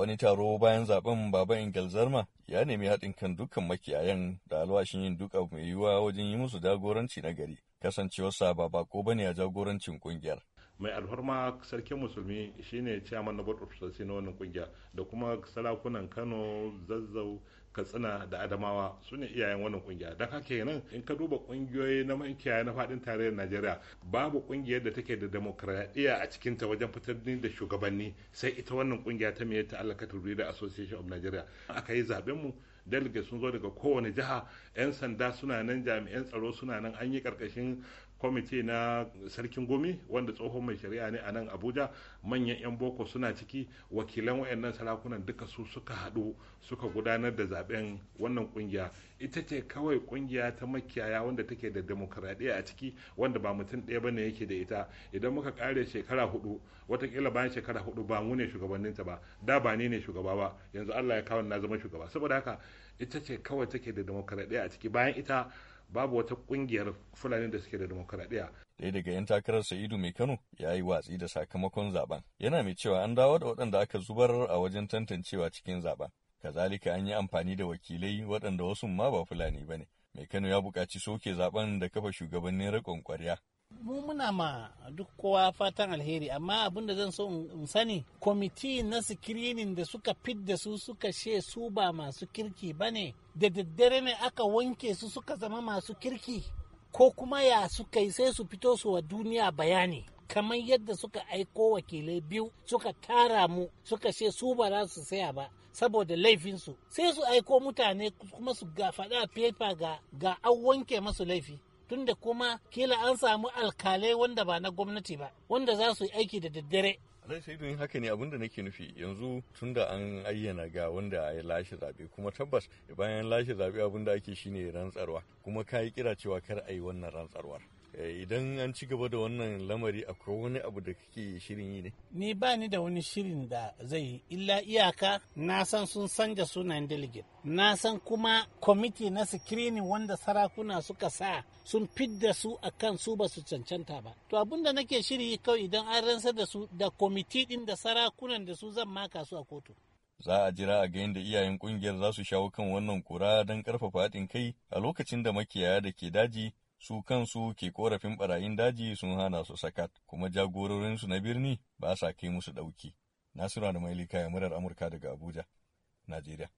wani taro bayan zaben baba Ingel Zarma ya nemi haɗin kan dukkan makiyayan da alwashin yin duka mai yiwuwa wajen yi musu jagoranci na gari. Kasancewarsa ba bako bane a jagorancin kungiyar. mai alfarma sarkin musulmi shine chairman na board of trustees na wannan kungiya da kuma sarakunan Kano, Zazzau, katsina da adamawa su ne iyayen wannan kungiya don haka kenan in ka duba kungiyoyi na mankiya na fadin tarayyar najeriya babu kungiyar da take da demokradiyya a cikinta wajen fitar da shugabanni sai ita wannan kungiya ta mai alakatar da association of nigeria aka yi zaben mu delegates sun zo daga kowane jiha 'yan sanda suna nan jami'an tsaro suna nan an yi karkashin kwamiti na sarkin gomi wanda tsohon mai shari'a ne a nan abuja manyan 'yan boko suna ciki wakilan wayannan sarakunan duka su suka haɗu suka gudanar da zaben wannan kungiya ita ce kawai kungiya ta makiyaya wanda take da demokradiyya a ciki wanda ba mutum ɗaya bane yake da ita idan muka kare shekara hudu watakila bayan shekara hudu ba mu ne shugabannin ta ba da ba ne ne shugaba ba yanzu Allah ya kawo na zama shugaba saboda haka ita ce kawai take da demokradiyya a ciki bayan ita babu wata kungiyar fulani da suke da demokradiyya ɗaya daga 'yan takarar sa'idu mai kano ya yi watsi da sakamakon zaben yana mai cewa an dawo da waɗanda aka zubar a wajen tantancewa cikin zaben Kazalika an yi amfani da wakilai waɗanda wasu ma ba Fulani ba ne. Mai Kano ya buƙaci soke zaben da kafa shugabannin rikon ƙwarya. mu muna ma duk kowa fatan alheri amma abin da zan so in sani kwamiti na sikirinin da suka fit da su suka she su ba masu kirki ba ne da daddare ne aka wanke su suka zama masu kirki ko kuma ya suka yi sai su fito su wa duniya bayani kamar yadda suka aiko wakilai biyu suka tara mu suka ce su ba za su saya ba saboda laifinsu sai su aiko mutane kuma su ga faɗa fefa ga ga an wanke masu laifi tunda kuma kila an samu alkalai wanda ba na gwamnati ba wanda za su yi aiki da daddare Alai sai domin haka ne abinda nake nufi yanzu tunda an ayyana ga wanda ya lashe zaɓe kuma tabbas bayan lashe zaɓe abinda ake shine rantsarwa kuma ka yi kira cewa kar a yi wannan rantsarwar. Eh, idan an ci gaba da wannan lamari akwai wani abu da kake shirin yi ne ni ba ni da wani shirin da zai yi illa iyaka na san sun sanja sunayen delegate na san kuma kwamiti na screening wanda sarakuna suka sa sun fidda su a kan su ba su cancanta ba to abin da nake shiri kawai idan an rantsar da su da kwamiti din da sarakunan da su zan maka su a kotu za a jira a ga yadda iyayen kungiyar za su shawo kan wannan kura don karfafa haɗin kai a lokacin da makiyaya da ke daji su kansu ke korafin barayin daji sun hana su sakat kuma jagororinsu na birni ba sa kai musu ɗauki. Nasiru da Mailika ya murar Amurka daga Abuja, Najeriya.